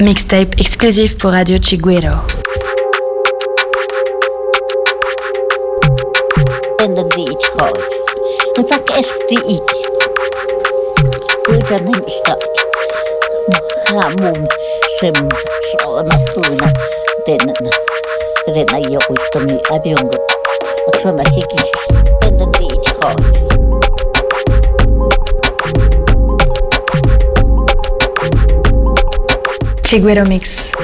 Mixtape exclusif pour Radio Chiguero. Ändern ich heute und sag es die ich. Guter Mensch, Hamum, Shim, Shona, Suna, den, den, ja, ich bin nicht abjungt. Und schon, dass In the beach house. Chigüero Mix.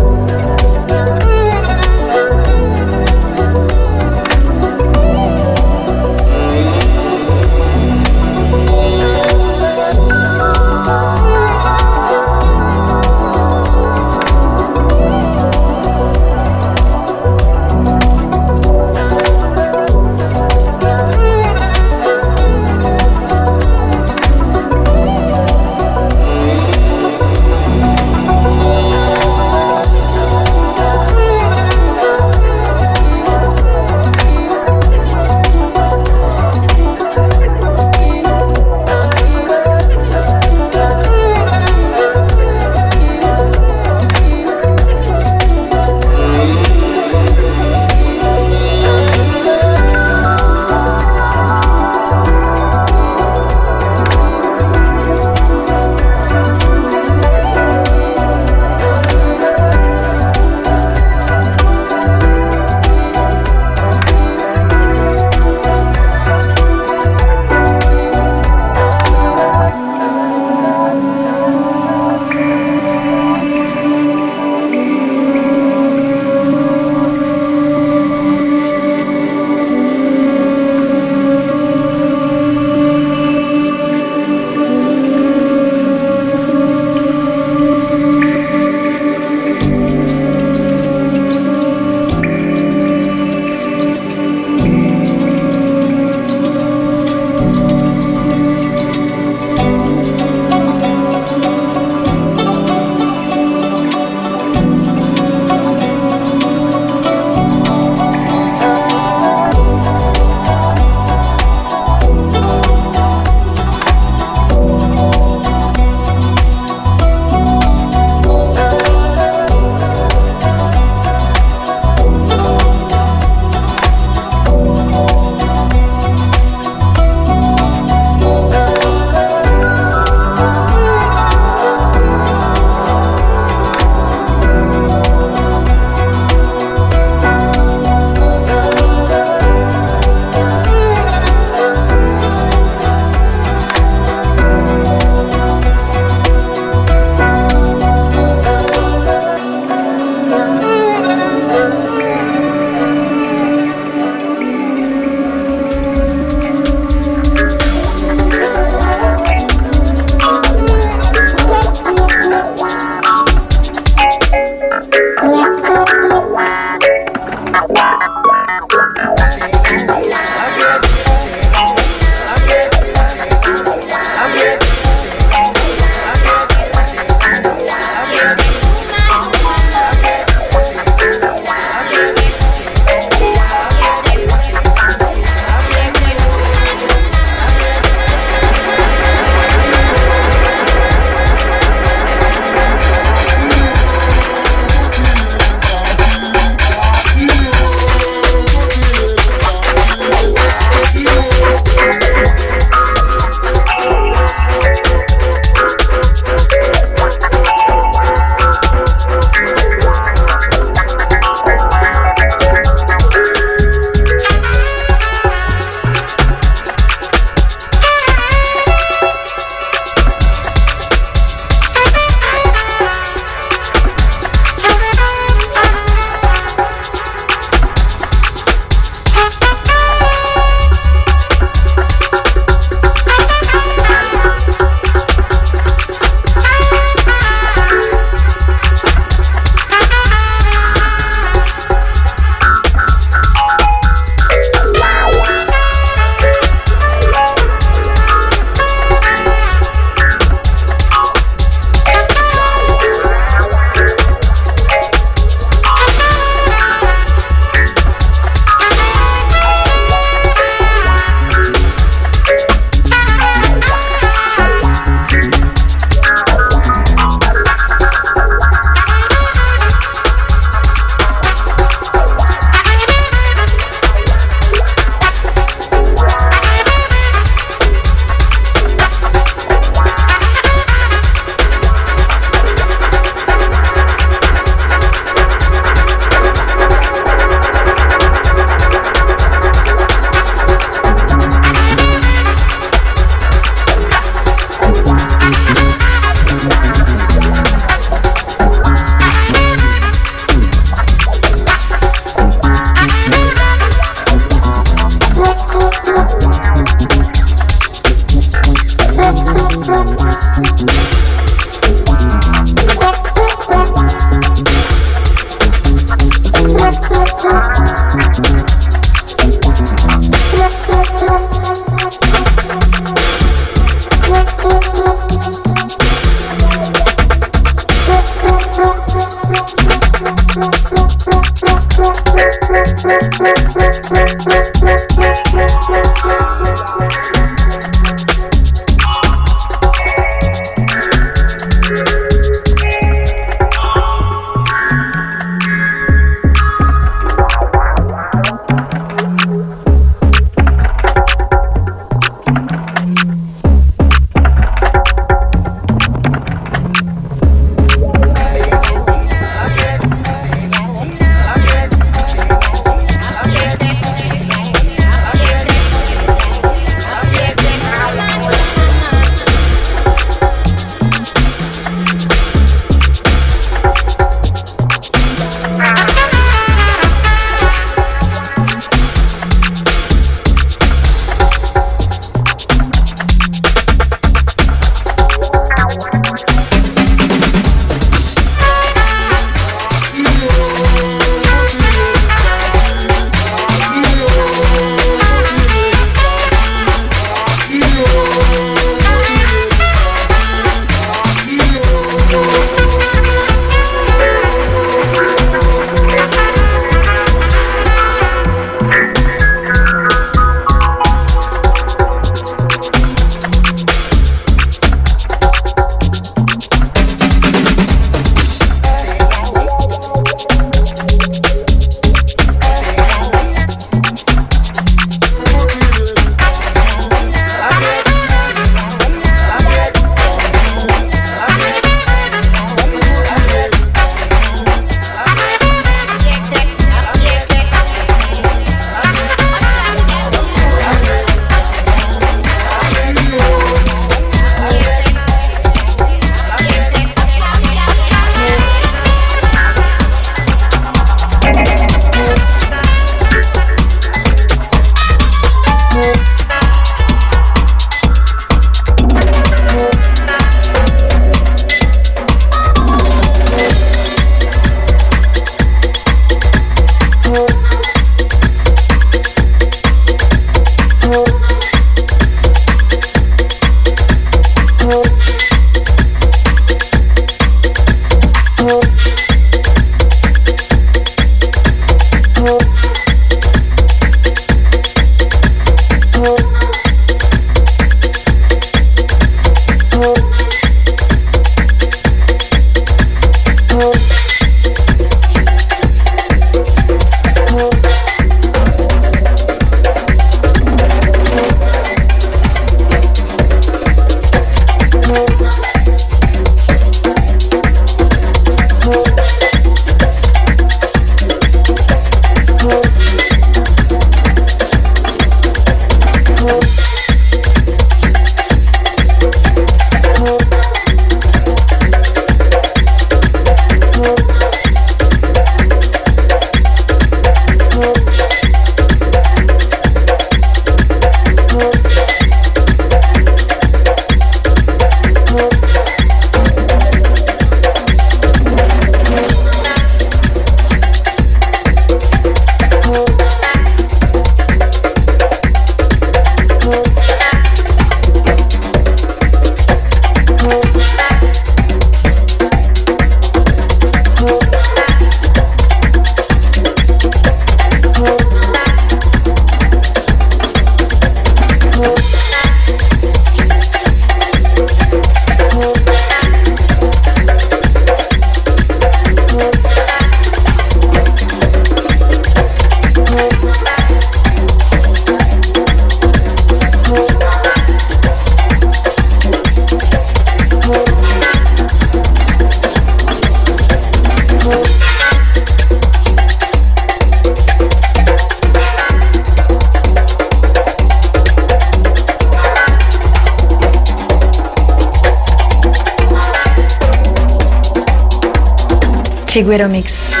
Guero Mix.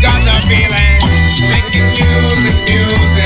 got the feeling. Making music, music.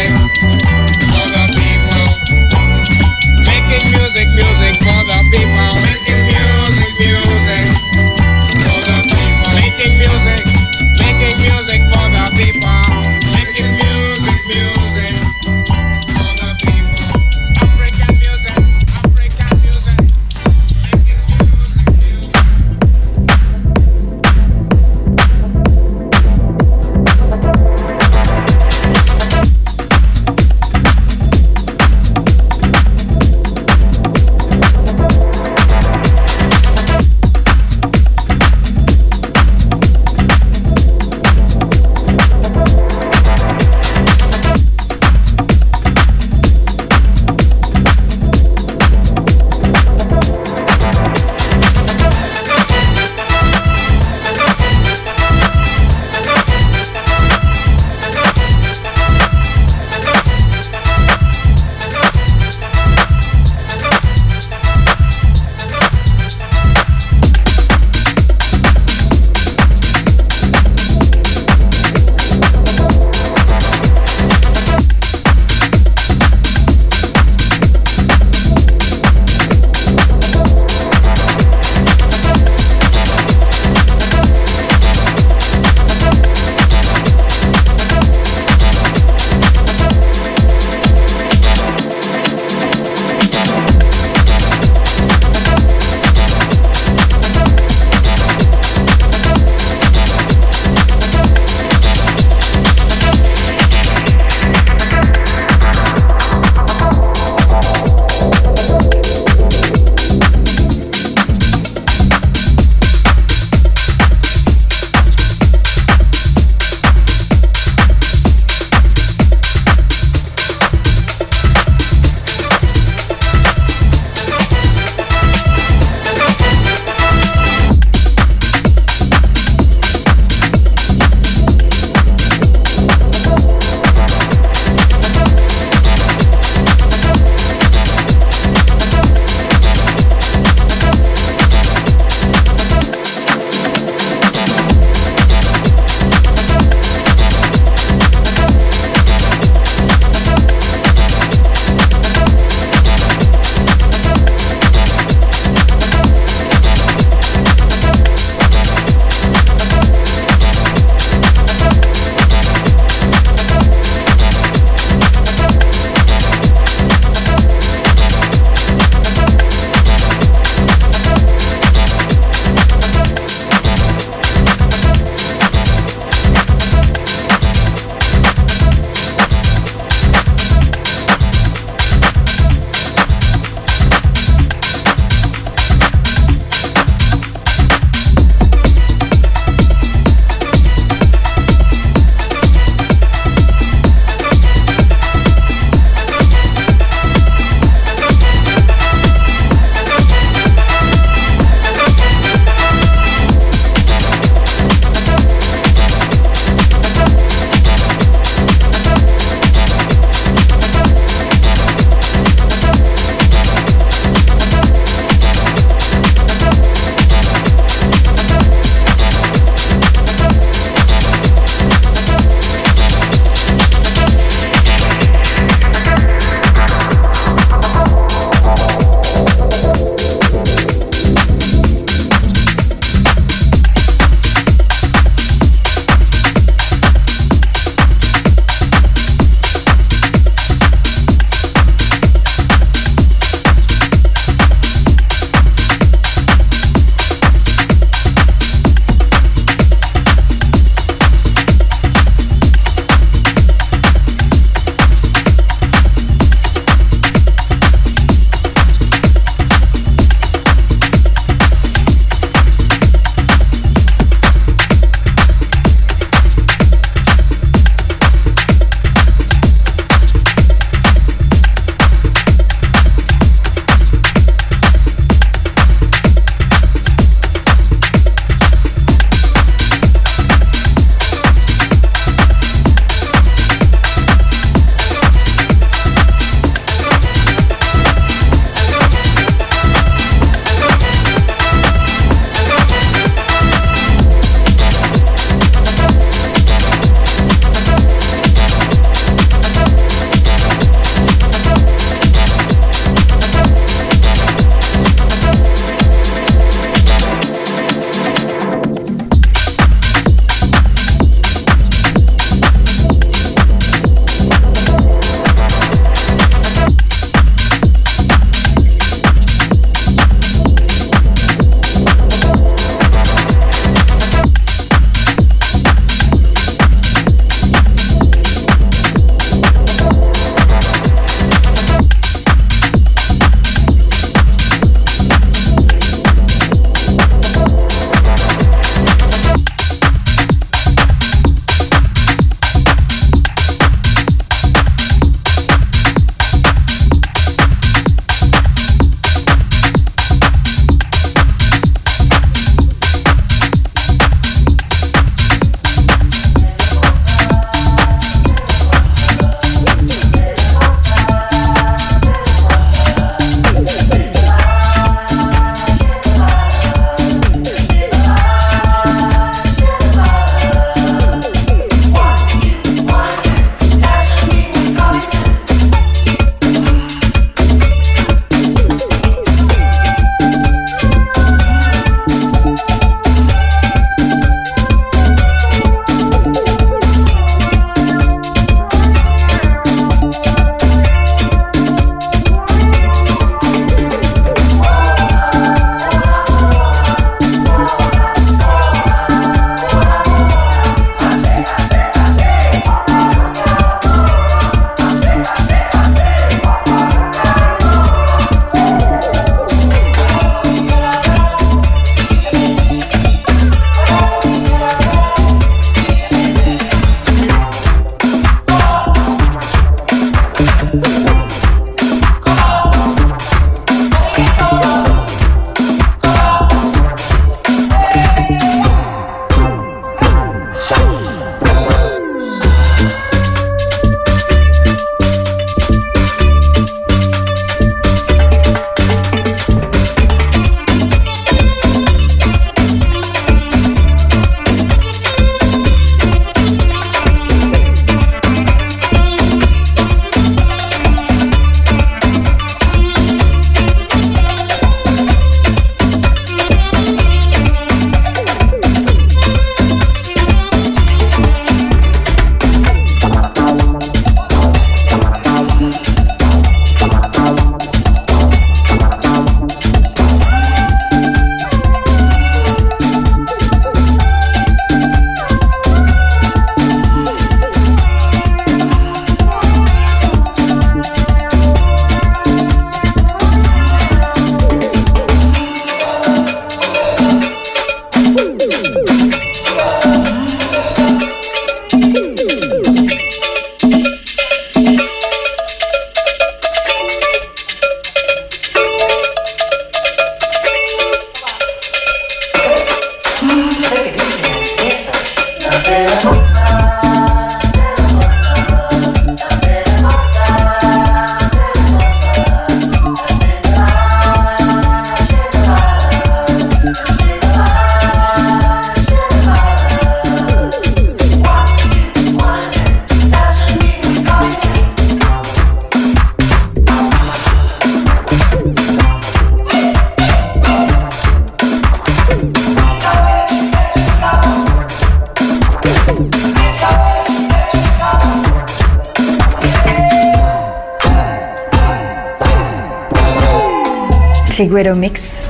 Segredo Mix.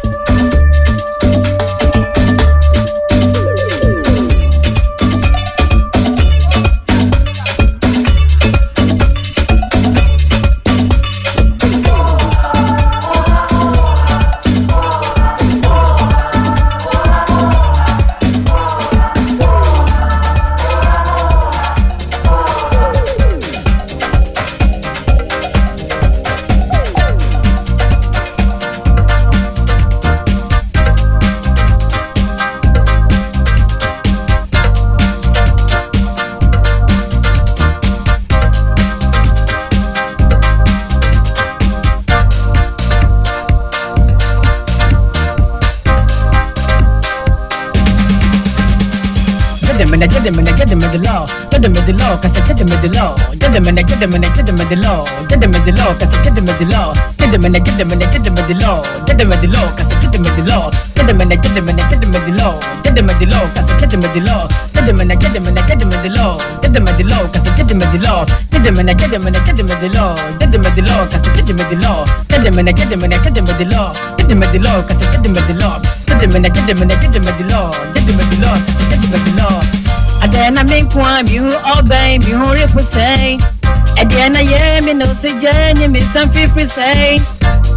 them and I get them and I get them at the law. Get them at the law, cause I get them at the law. Get them and I get them and I get them at the law. Get them at the law, cause I get them at the law. Get them and I get them and I get them at the law. Get them at the law, cause I get them at the law. Get them and I get them and I get them at the law. Get them at the law, cause I get them at the law. Get them and I get them and I get them at the law. Get them at the law, cause I get them at the law. Get them and I get them and I get them at the law. Get them at the law, cause I get them at the law. Get them and I get them and I get them at the law. kwa mihu obey mihu say. at the end I me in say suggestion me some fifty say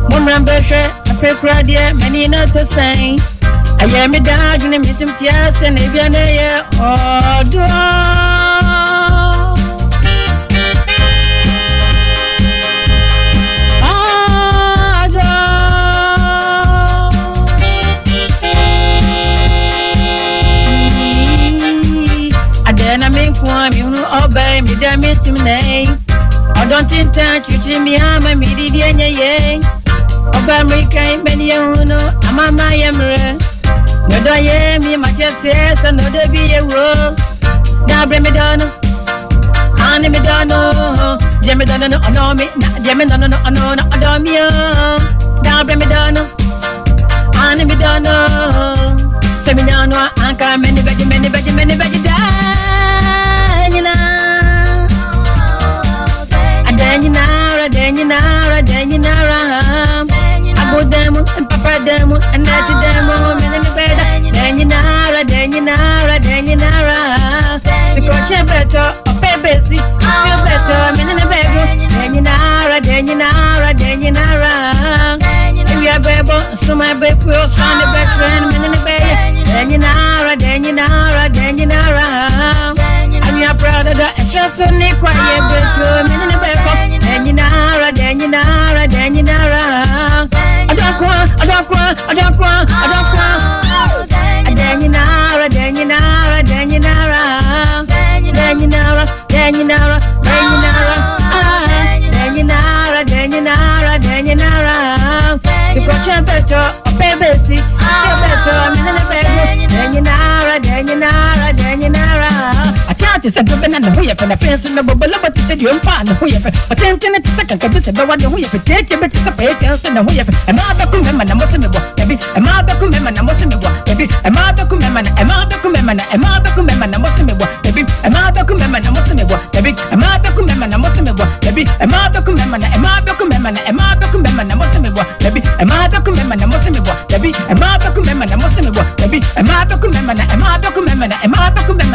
one number share a pray crowd yeah many not to say I am a dog, and a meeting yes and if you're near oh mira mi timnei Odonti nta chuchi mi hama miridi enye ye Oba Amerika imeni ya uno amama ya mre Nodo ye mi makese so nodo bi ye wo Dabre mi dono Ani mi dono Diye mi dono no ono mi Diye mi dono no ono no odo mi yo Dabre mi dono Ani mi dono Se mi dono anka meni beji meni beji meni beji daa nara, nara, denyinara, nara. Abu demu, and papa demo, and nati demo, men in the bed Denyinara, denyinara, Si Sikroche beto, ope besi, sio beto, men in the bedroom Denyinara, denyinara, denyinara Ewia bebo, suma bepu, oswan the best friend, men in the bed nara, denyinara, nara, I'm your brother, that's just so nick, why you bet you, men in the Danyinara, Danyinara. Adakwa, Adakwa, Adakwa, Adakwa. Danyinara, Danyinara, Danyinara. Danyinara, Danyinara. it said you've been on the way up and a in the bubble, but it said you're on the way up. A ten ten second, because this is the one who you take your bit to pay attention the way up. A mother come him and a Muslim boy, baby. A mother come him and a Muslim boy, baby. A mother come him and a mother come him and a mother come him and a Muslim boy, baby. A mother come him and a Muslim boy, baby. A mother come him and a Muslim boy, baby. A mother come him and a mother come him and a mother come him and a Muslim boy, baby. A mother come him and a Muslim boy, baby. A mother come him and a Muslim boy, baby. A mother come him and a mother come him and a mother come him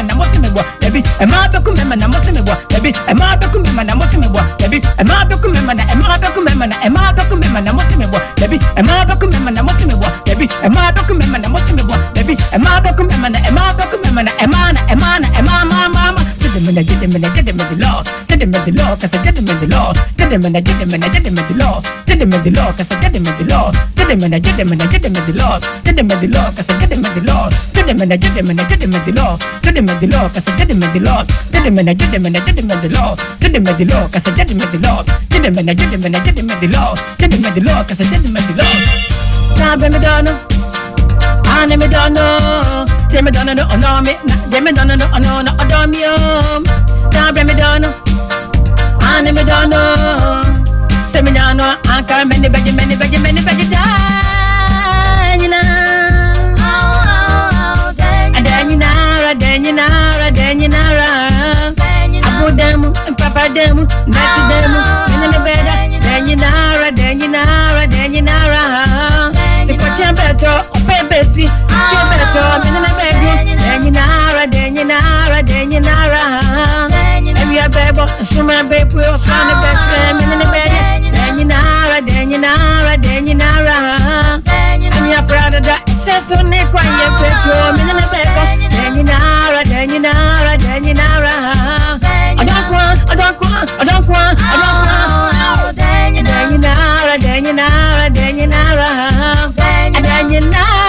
baby, and my document, and I must remember, baby, and my document, and I must remember, baby, and my document, and my document, and my document, and I must remember, baby, and my document, and I must remember, baby, and my document, and I must baby, and my document, and my document, and my document, and my mama, get them in the get them in the get them in the law, get them in the law, cause I get them in the law, get them in the get them in the get them in the law. get him in the law, cause I get him in the law. Get him in the get him in the get him in the law. Get him in the law, cause I get him in the law. Get him in the get him in the get him in the law. Get in the law, cause I get him in the law. Get in the get in the get in the law. Get in the law, cause I get him in the law. Get in the get in the get in the law. Get in the law, cause I get in the law. Now be me done. I me done. Tell me done no no me. Tell me no no no no me. Now be me done. I me done. Seminano, Anka, many, many, many, many, many, many, Danina. Adanina, Adanina, Adanina, Abu Demu, Papa Demu, Nati oh, Demu, Minabeda, Danina, Adanina, Adanina, Sequoia Beto, Pepsi, Beto, a bebo, suma bebo, son of best friend in the bed. Then you know, then you know, then you know, and you're proud of that. Says so Nick, why you're petrol in the bebo. Then you know, then you know, then you know, I don't want, I don't want, I don't want, I don't want. Then you know, then you know, then you know, then you know, and then you know.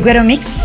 Iguero Mix.